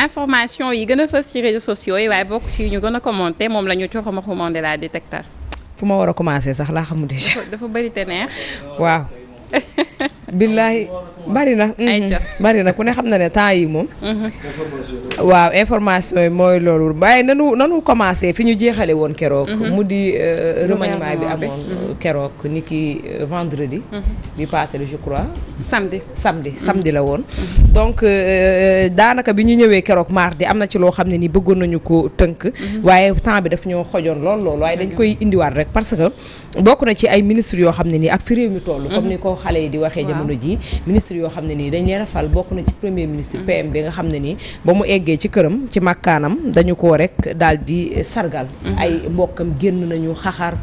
information yi gën a fës ci réseaux sociaux yi waaye bokk ci ñu gën a commenté moom la ñu coxama xumande la détecteur fu ma war a commencé sax laa xamu déjà dafa bëri te waaw billaay bari na. Mhm, bari na ku ne xam na ne temps yi moom. Mhm. waaw information yi mooy loolu waaye nanu nanu commencé fi ñu jeexale woon keroog. Mhm. mu di euh, remaniement bi amoon euh, keroog ni ki euh, vendredi. bi passé le je crois. samedi samedi samedi la woon. donc daanaka bi ñu ñëwee keroog maar mardi am na ci loo xam ne ni bëggoon nañu ko tënk. waaye temps bi daf ñoo xojoon lool lool waaye dañ koy indiwaat rek parce que bokk na ci ay ministres yoo xam ne nii ak fi réew mi toll. comme ni ko xale yi di waxee jamono ji ministre yoo xam ne nii dañ leen a fal bokk na ci premier ministre PM mm-hmm. bi nga xam ne nii ba mu eggee ci këram ci makkaanam dañu ko rek daal di sargal mm-hmm. ay mbokkam génn nañu xaxar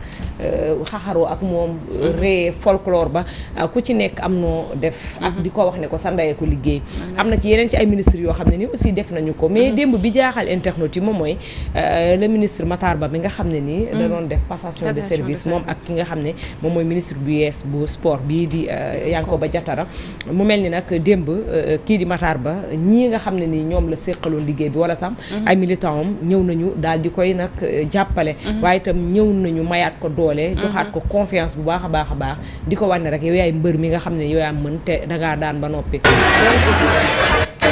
euh, xaxaroo ak moom mm-hmm. ree folklore ba ah, ku ci nekk am noo def ak di ko wax ne ko sa ndey ko liggéey am na ci yeneen ci ay ministre yoo xam ne nii aussi def nañu ko mais démb bi jaaxal internet yi moom mooy euh, le ministre Matar Ba mi nga xam ne nii la doon def passation de service moom ak ki nga xam ne moom mooy ministre bu yees bu sport bii di Euh, ko ba jatara mu mel ni nag démb euh, kii di Matar Ba ñii nga xam ne ni ñoom la séqaloon liggéey bi wala tam mhm. ay militant am ñëw nañu daal di koy nag euh, jàppale mhm. waaye itam ñëw nañu mayaat ko doole mhm. joxaat ko confiance bu baax a baax a baax di ko wane rek yow yaay mbër mi nga xam ne yow yaa mën te dangaa daan ba noppi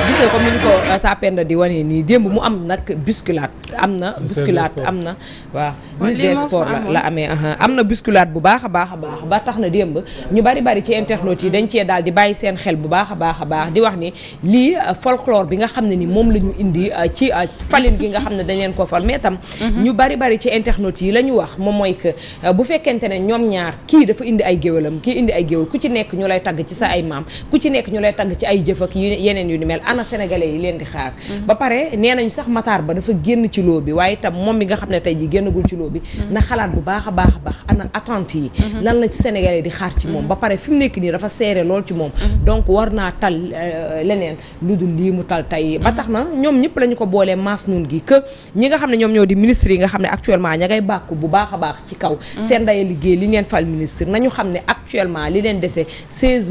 gis nga comme ni ñu ko tapenda euh, di wane nii démb mu am nag bousculade am na bousculade am na waaw ministre des la amee am na bousculade bu baax a baax a baax ba tax na démb ñu bari bari ci internautes yi dañ cee daal di bàyyi seen xel bu baax a baax a baax di wax ni lii euh, folklore bi nga xam ne ni moom la ñu indi euh, ci falin gi nga xam ne dañ leen ko fal mais tam mhm. ñu bari bari ci internautes yi la ñu wax moom mooy que bu fekkente ne ñoom ñaar kii dafa indi ay géwalam kii indi ay géwal ku ci nekk ñu lay tagg ci sa ay maam ku ci nekk ñu lay tagg ci ay jëf ak ana sénégalais yi leen di xaar ba pare nee nañ sax mataar Ba dafa génn ci loo bi waaye itam moom mi nga xam ne tey ji génnagul ci loo bi na xalaat bu baax a baax a baax ana attente yi lan la ci sénégalais di xaar ci moom ba pare fi mu nekk nii dafa seere lool ci moom donc war naa tal euh, leneen lu dul lii mu tal tey ba tax na ñoom ñëpp lañu ko boolee maas nun gi que ñi nga xam ne ñoom ñoo di ministre yi nga xam ne actuellement ña ngay bàkku bu baax a baax ci kaw seen ndaye liggéey li fal ministre nañu xam ne actuellement li leen dese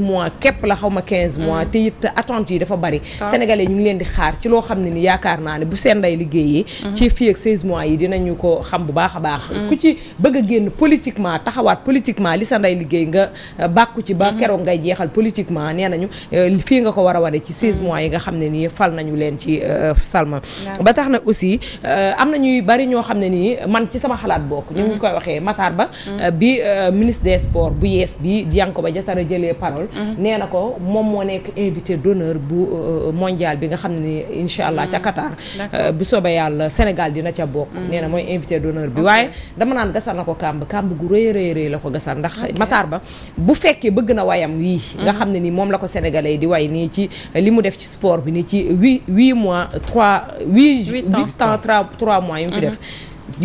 mois képp la xaw ma 15 mois mm. te it yi dafa bari sénégalais ñu ngi leen di xaar ci loo xam ne ni yaakaar naa ne bu seen nday liggéeyee mhm. ci fii ak 16 mois yi dinañu ko xam bu baax a baax mhm. ku ci bëgg a génn politiquement taxawaat politiquement li sa nday liggéey nga euh, bàkku ci ba mhm. keroog ngay jeexal politiquement nee nañu euh, fii nga ko war a wane ci 16 mois yi nga xam ne nii fal nañu leen ci euh, salma ba tax na aussi am na ñuy bari ñoo xam ne nii man ci sama xalaat bokk ñu ngi koy waxee Matar Ba bi ministre des sports bu yees bi Diankhoba Diattara jëlee parole nee na ko nekk invité d'honneur bu mondial bi nga xam ne incha allah ca hmm. Qatar. Euh, bu soobee yàlla Sénégal dina ca bokk. Hmm. nee na mooy invité d'honneur bi waaye dama naan gasal na ko kàmb kàmb gu rëy rëy rëy la ko gasal ndax Matar Ba bu fekkee bëgg na wayam wii. Hmm. nga xam ne ni moom la ko sénégalais di way nii ci euh, li mu def ci sport bi nii ci huit huit mois trois huit. huit ans trois trois mois yu mu fi def.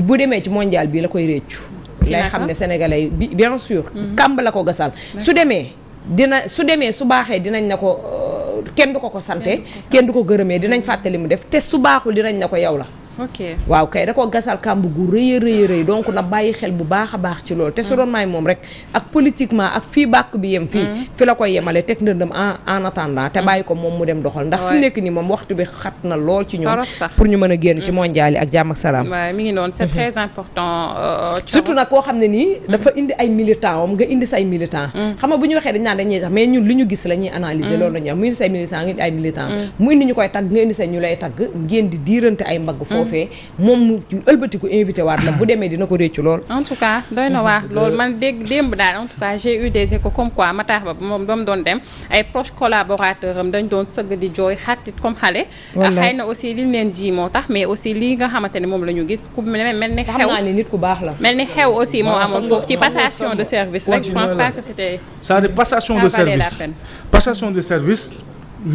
bu demee ci mondial bi la koy réccu lay xam ne sénégalais bi bien sûr. kàmb la ko gasal su demee dina su demee su baaxee dinañ na kenn du ko ko sante kenn du ko gërëmee dinañ fàttali mu def te subaaxul dinañ na ko yow la ok waaw kay da ko gasal kàmb gu rëy a rëy rëy na bàyyi xel bu baax a baax ci lool te su doon maay moom rek ak politiquement ak fii bàkk bi yem. fii mm-hmm. fi la koy yemale teg ndëndam en en te mm-hmm. bàyyi ko moom mu dem doxal ndax fi mu nekk nii moom waxtu bi xat na lool ci ñoom. pour ñu mën a génn mm-hmm. mondial yi ak jàmm mi ngi noonu c'est très important. Euh, surtout nag koo xam ne nii. dafa indi ay militants am nga indi say militants. xam nga bu ñu waxee dañ naan dañuy tax mais ñun li ñu gis la ñuy analyser loolu la ñuy wax mu indi say militants nga indi ñu koy tagg nga di diirante ay mbagg foofee moom mu ëlbatiku invité waat la bu demee dina ko réccu lool en tout cas doy na waa loolu man dégg démb daal en tout cas j'ai comme quoi Matar Ba moom dam doon dem ay proche collaborateur am dañ doon sëgg di jooy xattit comme xale xëy na aussi liñ leen ji moo tax mais aussi lii nga xamante ne moom la gis ku mel ne xew aussi moo amoon foofu ci passation de service rek je pense passation de service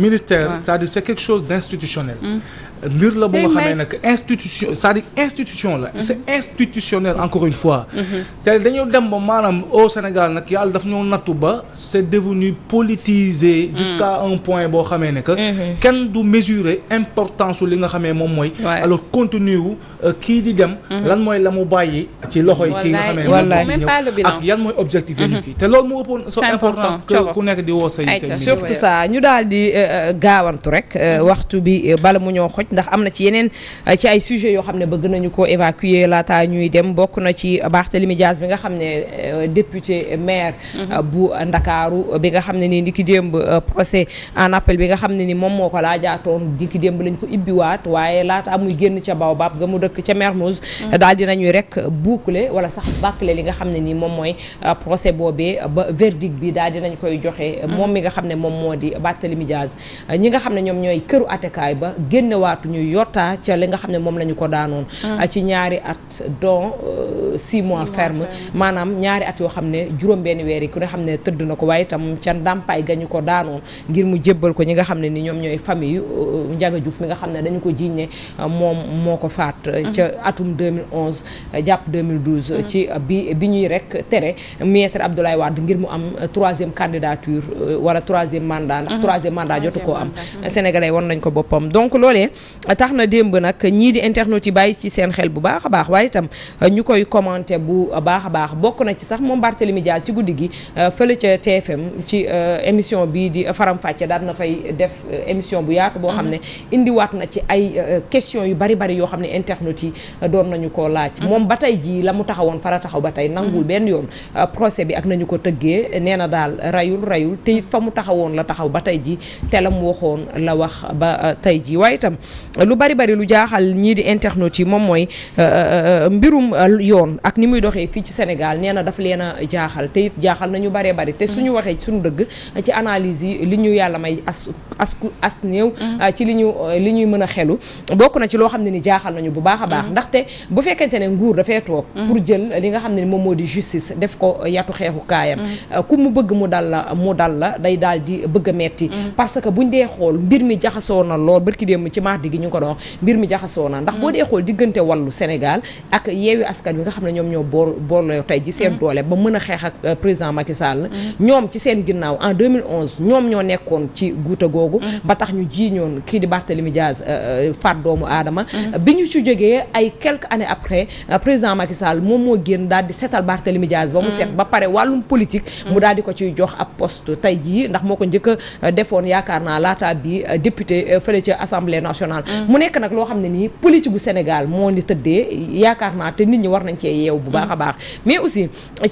ministère c'est-à-dire quelque chose d'institutionnel mm. mbir la bu nga xamee nag institution cest à institution la mhm. c'est institutionnel encore une fois mhm. te dañu dem ba maanaam au Sénégal nag yàlla daf ñoo nattu ba c'est devenu politisé mhm. jusqu'à un point boo xamee ne que kenn du mesurer importance li nga xamee moom mooy alors contenu wu euh, kii di dem lan mooy la mu bàyyi ci loxoy kii nga xamee ñëw ak yan mooy objectif yi kii te loolu mu ëppoon so importance ku nekk di woo say surtout ça ñu daal di euh, euh, gaawantu rek waxtu bi bala mu ndax am na ci yeneen euh, ci ay sujets yoo xam ne bëgg nañu ko évacuer laata ñuy dem bokk na ci Barthélémy Dias bi nga xam ne euh, député maire mhm. euh, bu Ndakaaru bi nga xam ne ni ni ki démb procès en appel bi nga xam ne ni moom moo ko laajaatoon ni ki démb lañ ko ibbiwaat waaye laata muy génn ca Baobab ga mu dëkk ca dal mhm. daal dinañuy rek boucler wala sax bâcler li nga xam ne ni moom mooy procès boobee ba verdict bi daal dinañ koy joxe mhm. moom mi nga xam ne moom moo di Barthélémy Dias ñi nga xam ne ñoom ñooy këru attekaay ba génnewaat faatu ñu yotta ca li nga xam ne moom la ñu ko daanoon ah. ci ñaari at don euh, six mois ferme maanaam ñaari at yoo xam ne juróom benn weer yi ku ne xam ne tëdd na ko waaye itam ca ndàmpaay ga ñu ko daanoon ngir mu jébbal ko ñi nga xam ne ni ñoom ñooy famille euh, njaga Diouf mi nga xam ne dañu ko jiiñ ne euh, moom moo ko faat ah. ca atum 2011 jàpp 2012 ah. ci bi bi ñuy rek tere maître Abdoulaye Wade ngir mu am troisième candidature wala troisième mandat ndax troisième mandat jotu koo am sénégalais nañ ko boppam tax na démb nag ñii di internautes yi bàyyi ci seen xel bu baax a baax waaye itam euh, ñu koy commenté bu baax a baax bokk na ci sax moom Barthélémy Dias ci guddi gi euh, fële ca TFM ci euh, émission bii di Faram Facce na fay def émission bu yaatu boo xam ne mhm. indiwaat na ci ay question yu bari bari yoo xam ne internautes yi doon nañu ko laaj mhm. moom ba tey jii la mu taxawoon fara taxaw ba tey nangul mhm. benn yoon procès bi ak nañu ko tëggee nee na daal rayul rayul te fa mu taxawoon la taxaw ba tey ji te la mu waxoon la wax ba tey ji waaye itam lu bari bari lu jaaxal ñii di internautes yi moom mooy euh, euh, euh, mbirum yoon ak ni muy doxee fii ci Sénégal nee na daf leen a jaaxal te it jaaxal nañu baree bari te suñu mhm. waxee suñu dëgg ci analyse yi li ñu yàlla may as as as néew mhm. ci li ñu li ñuy mën a xelu bokk na ci loo xam ne ni jaaxal nañu bu baax a baax mhm. ndaxte bu fekkente ne nguur dafay toog pour jël li nga xam ne ni moom moo di justice def ko yatu xeexu kaayam ku mu bëgg mu dal la mu dal la day daal di bëgg a metti parce gàddi gi ñu mbir mi jaxasoo na ndax boo dee xool diggante wàllu Sénégal ak yeewi askan wi nga xam ne ñoom ñoo boor boorloo tey ji seen mhm. doole ba mën a xeex ak euh, président Macky Sall mhm. ñoom ci seen ginnaaw en 2011 ñoom ñoo nekkoon ci guuta googu mhm. ba tax ñu jiiñoon kii di Barthélemy Diaz euh, euh, faat doomu aadama bi ñu ci jógee ay quelques années après président Macky moom moo génn daal di seetal Barthélemy Diaz ba mu seet ba pare wàllum politique mu daal di ko ciy jox ab poste tey jii ndax a Mm. mu nekk nag loo xam ne nii politique gu Sénégal moo ni tëddee yaakaar naa te nit ñi war nañ cee yeewu bu baax a mm. baax mais aussi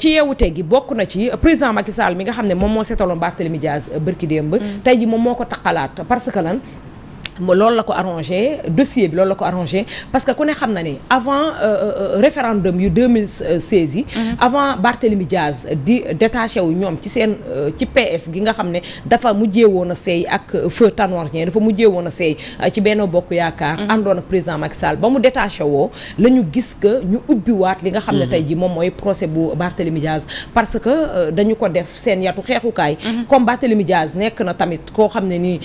ci yeewute gi bokk na ci président Macky Sall mi nga xam ne moom moo seetaloon Barthélémy Diaz euh, bërki démb mm. tey ji moom moo ko taqalaat parce que lan loolu la ko arrangé dossier bi loolu la ko arrangé parce que ku ne xam na ni avant euh, euh, référendum yu 2016 yi mhm. avant Barthélemy Diaz di détaché wu ñoom ci seen euh, ci PS gi nga xam ne dafa mujjee woon a seey ak feu Tanor Dieng dafa mujjee woon a seey ci benn Bokk Yaakaar mhm. àndoon ak président Macky Sall ba mu détaché woo la ñu gis que ñu ubbiwaat li nga xam ne mhm. tey ji moom mooy procès bu Barthélemy Diaz parce que dañu ko def seen yatu xeexukaay comme Barthélemy Diaz nekk na tamit koo xam ne nii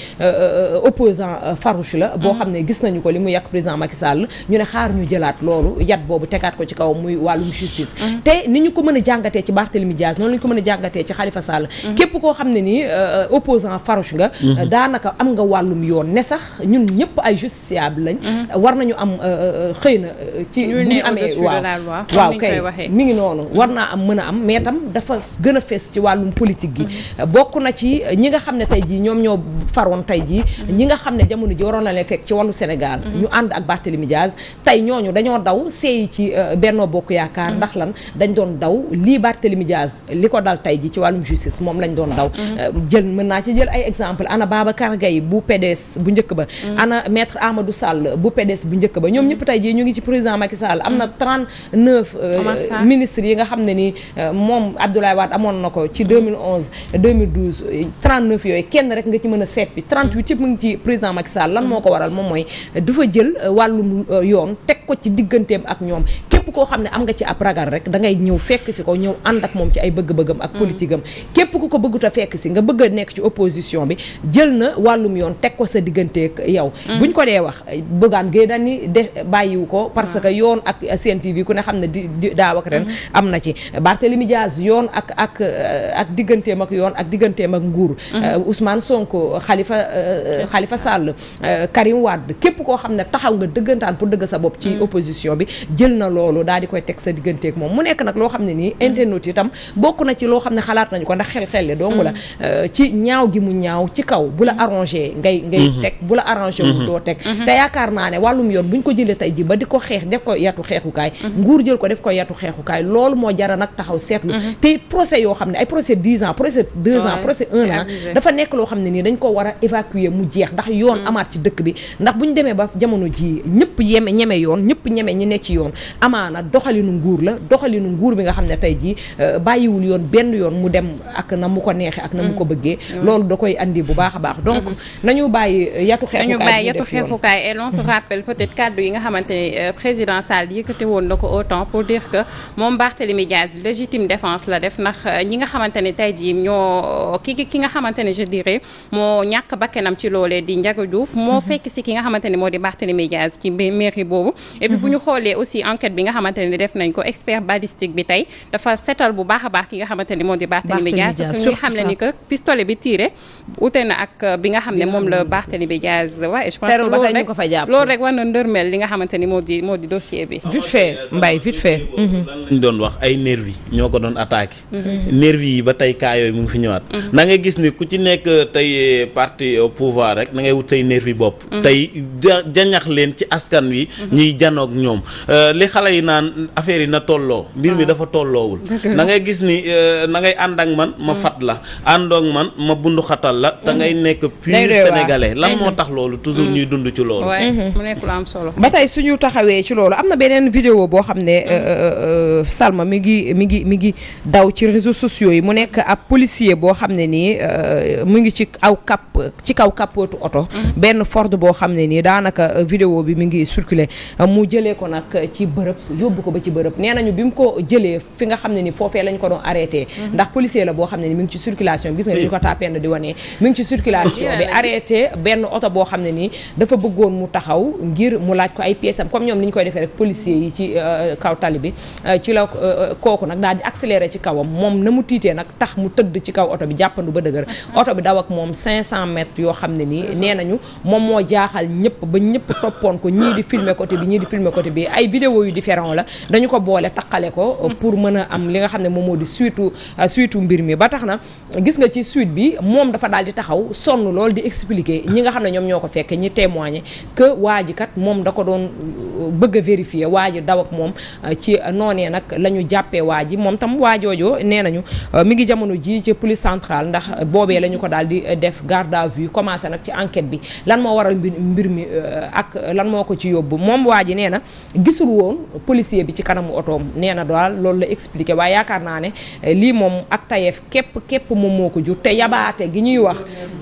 opposant farouche la boo xam ne gis nañu ko li mu yàq président Macky Sall ñu ne xaar ñu jëlaat loolu yat boobu tegaat ko ci kaw muy wàllum justice te ni ñu ko mën a jàngatee ci Barthélemy Diaz noonu la ñu ko mën jàngatee ci Khalifa Sall képp koo xam ne ni euh, opposant farouche nga daanaka am nga wàllum yoon ne sax ñun ñëpp ay justiciable lañ war nañu am euh, euh, xëy na ci bu ñu amee waaw waaw kay mi ngi noonu war naa am mën a am mais tam dafa gën a fees ci wàllum politique gi mm-hmm. bokk na ci ñi nga xam ne tey jii ñoom ñoo jamono ji waroon na leen fekk ci wàllu Sénégal mm-hmm. ñu ànd ak Barthélemy Diaz tey ñooñu dañoo daw seeyi ci euh, Benno Bokk Yaakaar mm-hmm. ndax lan dañ doon daw lii Barthélemy Diaz li ko dal tey ji ci wàllum justice moom lañ doon daw mm-hmm. euh, jël mën naa ci jël ay exemple ana Babacar Gaye bu PDS bu njëkk ba ana metre amadu Sall bu PDS bu njëkk ba ñoom ñëpp tey ji ñu ngi ci président Macky Sall am na 39 euh, ministres yi nga xam ne ni moom Abdoulaye Wade amoon na ko ci 2011 2012 39 yooyu kenn rek nga ci mën a seppi 38 yëpp mu ngi ci Sall lan moo ko waral moom mooy du fa jël euh, wàllum euh, yoon teg ko ci digganteem ak ñoom képp koo xam ne am nga ci ab ragal rek da ngay ñëw fekk si ko ñëw ànd ak moom ci ay bëgg-bëggam ak mm. politique am képp ku ko bëggut a fekk si nga bëgg a nekk ci opposition bi jël na wàllum yoon teg ko sa digganteek yow mm. buñ ko dee wax bëggaan géy daan ni de bàyyiwu ko mm. parce que yoon ak Sen TV ku ne xam ne di daaw ak ren am na ci Barthélemy Diaz yoon ak ak ak digganteem ak yoon ak digganteem ak nguur euh, Ousmane Sonko Khalifa euh, Khalifa Sall euh, Karim Wade képp koo xam ne taxaw nga dëggantaan pour dëgg sa bopp ci ak opposition bi jël na loolu daal di koy teg sa digganteeg moom mu nekk nag loo xam ne nii internet itam bokk na ci loo xam ne xalaat nañu ko ndax xel-xel le dong la euh, ci ñaaw gi mu ñaaw ci kaw bu la arrangé ngay ngay mhm. teg bu la arrangé mhm. teg mhm. yaakaar naa ne wàllum yoon bu ñu ko jëlee tey ji ba di ko xeex def ko yatu xeexukaay nguur jël ko def ko yatu xeexukaay loolu moo jara nag taxaw seetlu te procès yoo xam ne ay procès dix ans procès deux ans procès un nekk loo xam ne nii dañ ko war a évacuer mu jeex ndax yoon amaat ci dëkk bi ndax bu ñu demee ba jamono ji ñëpp yeme ñeme yoon ñëpp ñeme ñi ne ci yoon amaana doxalinu nguur la doxalinu nguur bi nga xam ne tey jii euh, bàyyiwul yoon benn yoon mu dem ak na mu ko neexee ak na mu ko mm. bëggee mm. loolu da koy andi bu baax a baax donc mm. nañu bàyyi yatu xeexukaay et l'on se mm-hmm. rappelle peut-être kaddu yi nga xamante ne euh, président Sall yëkkate woon na ko autant pour dire que moom Barthélémy Diaz légitime défense la def ndax euh, ñi nga xamante ne tey jii ñoo ki ki nga xamante ne je moo ñàkk bakkanam ci loolee di Ndiaga Diouf mm-hmm. moo fekk si ki nga xamante ne moo di Barthélémy Diaz ci mairie boobu et puis bu ñu mhm. xoolee aussi enquête bi nga xamante def nañ ko expert balistique bi tey dafa setal bu baax a baax ki nga xamante ni moo di Barthélémy Diaz bi tiré ute na ak euh, bi nga xam moom la Barthélémy Diaz wa et je pense que loolu rek loolu rek war na ndërmeel li nga xamante ni moo di moo di bi vite fait Mbaye mhm. ñoo ko doon attaqué mhm. nervi yi ba tey kaa yooyu mu ngi fi ñëwaat na nga gis ni ku ci nekk euh, tey euh, parti au pouvoir rek na ngay wut say nervi bopp tey jañax leen ci askan wi janoog ñoom euh, li xale yi naan affaire yi na tolloo mbir mi ah. dafa tolloowul na ngay gis ni euh, na ànd ak man ma ah. faat la àndoog man ma bundu xatal la te ngay mm-hmm. nekk pur sénégalais lan moo mm-hmm. tax loolu toujours ñuy dund ci loolu mm-hmm. mu nekk lu am solo ba tey suñu taxawee ci loolu am na beneen vidéo boo xam ne euh, euh, euh, Salma mi ngi mi ngi mi ngi daw ci réseaux sociaux yi mu nekk ab policier boo xam ne nii mu ngi ci aw kap ci kaw kapootu oto benn Ford boo xam ne nii daanaka vidéo bi mu ngi circuler mu jële ko nag ci bërëb yóbbu ko ba ci bërëb nee nañu bi mu ko jëlee fi nga xam ne ni foofee lañ ko doon arrêté ndax policier la boo xam ne ni ci circulation gis nga ni ko na di wanee mi ngi ci circulation bi arrêté benn oto boo xam ne nii dafa bëggoon mu taxaw ngir mu laaj ko ay pièces am comme ñoom ni ñu koy defee rek policier yi euh, kaw tali bi euh, ci la euh, kooku nag daal di accéléré ci kawam moom na mu tiitee nag tax mu tëdd ci kaw oto bi jàppandu ba dëgër oto bi daw ak moom 500 mètres yoo xam ne nii nee nañu moom moo jaaxal ñëpp ba ñëpp toppoon ko ñii di filmer côté bi ñii di filmer côté bi ay vidéo yu différent la dañu ko boole taqale ko pour mën a am li nga xam ne moom moo di suitu suitu mbir mi ba tax na gis nga ci suite bi moom dafa daal di taxaw sonn lool di expliquer ñi nga xam ne ñoom ñoo ko fekk ñi témoigner que waa kat moom da ko doon euh, bëgg a vérifier waa daw ak moom euh, ci noonee nag la ñu jàppee waa ji moom tam waa joojoo nee nañu euh, mi ngi jamono ji ci police centrale ndax boobee la ñu ko daal di def garde à vue commencé nag ci enquête bi lan moo waral mbir mbir mi ak lan moo ko ci yóbbu moom waa ji nee na gisul woon policier bi ci kanamu otoom nee na daal loolu la expliqué waaye yaakaar naa ne lii moom ak tayeef képp moom moo ko jur te yabaate gi ñuy wax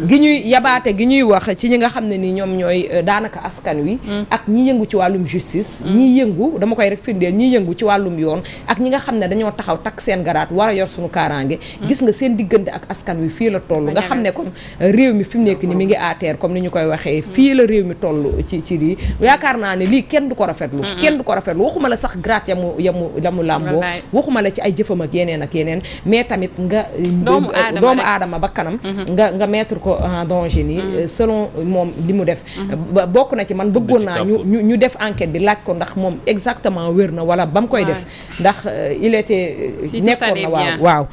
gi ñuy yabaate gi ñuy wax ci ñi nga xam ne ni ñoom ñooy euh, daanaka askan wi mm. ak ñi yëngu ci wàllum justice mm. ñi yëngu dama koy rek firndeel ñi yëngu ci wàllum yoon ak ñi nga xam ne dañoo taxaw takk seen garaat war a yor suñu kaaraange mm. gis nga seen diggante ak askan wi fii la toll nga xam ne ko euh, réew mi fi mu nekk ni mi ngi à comme ni ñu koy waxee fii la réew mi toll ci ci lii yaakaar naa ne lii kenn du ko rafetlu kenn du ko rafetlu waxuma la sax graat yamu yamu yamu làmboo waxuma la ci ay jëfam ak ak yeneen mais tamit euh, doomu aadama bakkanam mhm. nga nga mettre ko en danger nii mhm. euh, selon moom li mu def mhm. bokk na ci man bëggoon naa ñu ñu ñu def enquête bi laaj ko ndax moom exactement wér na wala ba koy def ndax euh, il était euh, nekkoon na waaw waaw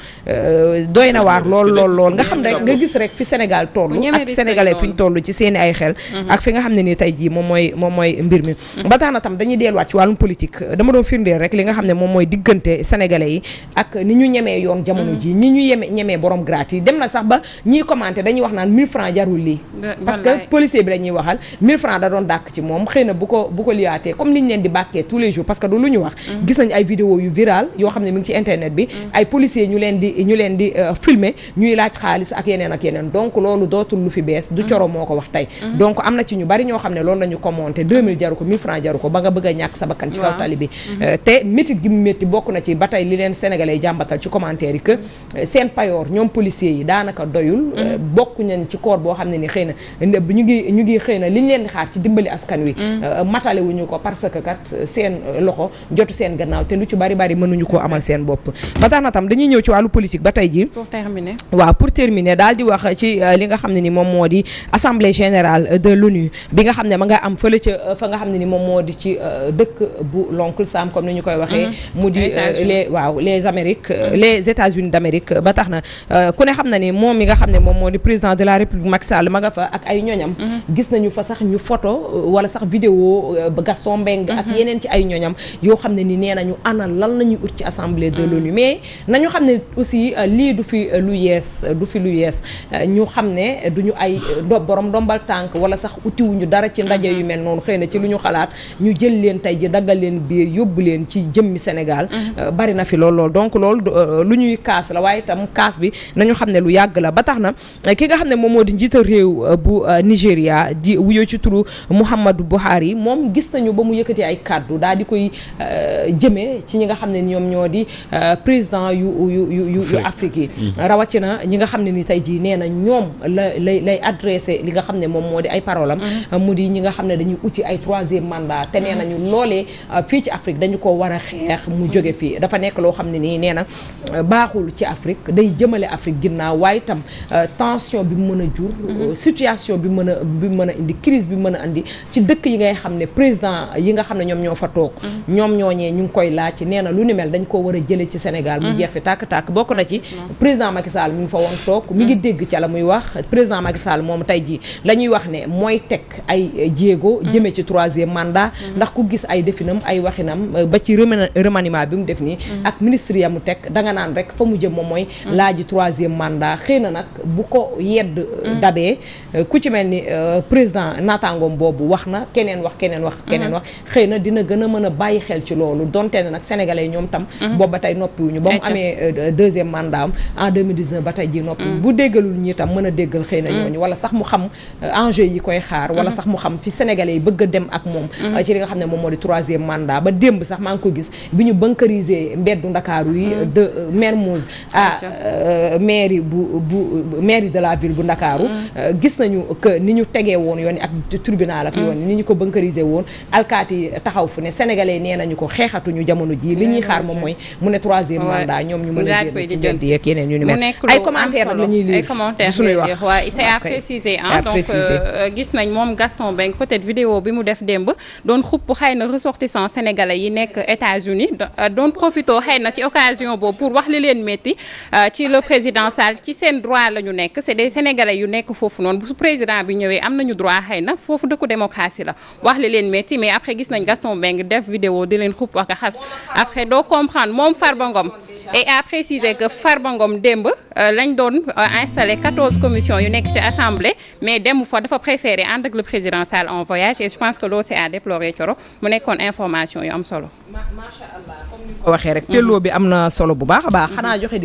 doy na waar lool lool lool nga xam rek nga gis rek fi Sénégal toll ak sénégalais fi ñu toll ci seeni ay xel ak fi nga xam ne ni tey jii moom mooy moom mooy mbir mi ba tax na tam dañuy delluwaat ci wàllum politique dama doon firndeel rek li nga xam ne moom mooy diggante sénégalais yi ak ni ñu ñemee yoon jamono ji ni ñu yeme ñemee borom dem na sax ba ñiy commenté dañuy wax naan 1000 francs jarul lii parce que policier bi dañuy waxal 1000 francs da doon dàkk ci moom xëy na bu ko liyaatee comme di bàkkee tous les jours parce que lu ñu wax mm. gis nañ ay vidéo yu viral yoo xam ne mi ci internet bi mm. ay policier ñu leen di ñu euh, ñuy laaj xaalis ak yeneen ak yeneen donc loolu dootul lu fi bees du mm. coro moo ko wax tey donc am na ci ñu bari ñoo xam ne loolu la ñu yor ñoom policiers yi daanaka doyul. Mhm. Euh, bokk nañ ci corps boo xam ne ni xëy na ñu ngi ñu ngi xëy na liñ leen di xaar ci dimbali askan wi. Mhm. Euh, matale wuñu ko parce que kat seen loxo jotu seen gannaaw te lu ci bari bari mënuñu koo amal seen bopp. ba tax na tam dañuy ñëw ci wàllu politique ba tey jii. pour pour terminer daal di wax ci euh, li nga xam ne ni moom moo di assemblée générale de l'ONU bi nga xam ne ma nga am fële ca fa nga xam ne ni moom moo di ci dëkk bu l'oncle Euh, ku ne xam na ni moom mi nga xam ne moom moo di président de la république Macky Sall ma nga fa ak ay ñoñam mm-hmm. gis nañu fa sax ñu photo euh, wala sax vidéo euh, Gaston Mbengue ak mm-hmm. yeneen ci ay ñoñam yoo xam ne ni nee nañu ana lan la ñuy ut ci assemblée de mm-hmm. l'ONU mais nañu xam ne aussi lii du fi lu yees du fi lu yees ñu xam ne duñu ay do borom dombal tànk wala sax utiwuñu dara ci ndaje yu mel noonu xëy na ci lu ñu xalaat ñu jël leen tey ji daggal leen biir yóbbu leen ci jëmmi Sénégal bari paas bi nañu xam ne lu yàgg la ba tax na eh, ki nga xam ne moom moo di njiital réew eh, bu eh, Nigéria di wuyoo ci turu Muhammadu Buhari moom gis nañu ba mu yëkkati ay kàddu daal di koy jëmee ci ñi nga xam ne ñoom ñoo di président yu yu yu yu Afrique yi mm. rawatina ñi nga xam ne ni tey jii nee na ñoom la lay lay adressé li nga xam ne moom moo di ay parole mm-hmm. mu di ñi nga xam ne dañuy uti ay troisième mandat te nee mm-hmm. nañu loolee fii ci Afrique dañu ko war a xeex mu jóge fii dafa nekk loo xam ne nii nee na baaxul ci Afrique day jëmale Afrique ginnaaw waaye itam euh, tension bi mu mën a jur. Mhm. Euh, situation bi mën a bi mën a indi crise bi mën a indi ci dëkk yi ngay xam ne président yi nga xam ne ñoom ñoo fa toog. Mhm. ñoom ñoo ñooñee ñu ngi koy laaj nee na lu ni mel dañ ko war a jëlee ci Sénégal. mu mhm. jeex fi tàkk tàkk bokk na ci. président Macky Sall mi ngi fa woon toog. mi ngi dégg ca la muy wax président Macky Sall moom tey jii la ñuy wax ne mooy teg ay jéego. jëmee ci troisième mandat. ndax ku gis ay definam ay waxinam euh, ba ci remaniement bi mu def nii. mu teg laaji troisième mandat xëy na nag bu ko yedd mm. dabee euh, ku ci mel ni euh, président naataangoom boobu wax na keneen wax keneen wax mm-hmm. keneen wax xëy na dina gën a mën a bàyyi xel ci loolu donte ne nag sénégalais ñoom tam mm-hmm. ba tey noppiwuñu ba mu amee euh, deuxième mandat am en 2019 ba tey ji noppi mm. bu déggalul ñi tam mën a déggal xëy na mm. ñooñu wala sax mu xam enjeu yi koy xaar wala mm-hmm. sax mu xam fi sénégalais yi bëgg a dem ak moom ci li nga xam ne moom moo di troisième mandat ba démb sax maa ngi ko gis bi ñu bunkeriser mbeddu ndakaaru yi Euh, mairie bu mairie de la ville bu Ndakaaru mm. euh, gis nañu que ni ñu tegee woon yoon ak tribunal ak mm. yoon ni ñu ko bancarisé woon alkaati taxaw fu ne sénégalais nee nañu ko xeexatuñu jamono ji li ñuy xaar moom mooy mu ne troisième mandat ñoom ñu mën a génn ci ñoom di yeeg yeneen ñu ni mel ay commentaire nag la ñuy lire suñuy wax waaw c'est à préciser ah donc euh, gis nañ moom Gaston Mbengue peut-être vidéo bi mu def démb doon xupp xay na ressortissant sénégalais yi nekk États-Unis doon profito xëy na ci occasion boobu pour wax le président Sall ci seen droit la ñu nekk c'est des sénégalais yu nekk foofu noonu bu président bi ñëwee am nañu droit xëy na foofu dëkku démocratie la wax li leen metti mais après gis nañ Gaston Mbengue def vidéo di leen xupp wax a xas après doo comprendre moom Farba Ngom et a précisé que Farba Ngom démb lañ doon installé 14 commissions yu nekk ci assemblée mais demu fa dafa préféré ànd ak le président Sall en voyage et je pense que loolu c'est à mu nekkoon information yu am solo. macha allah comme ni ko a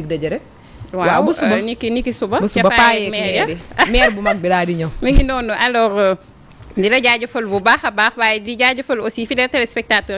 baax. waaw ba euh, suba ni ki ni ki suba. ba suba paayeeg maire di maire bu mag bi daal di ñëw. mi ngi noonu alors euh, di la jaajëfal bu baax a baax waaye di jaajëfal aussi fidèles téléspectateurs yi.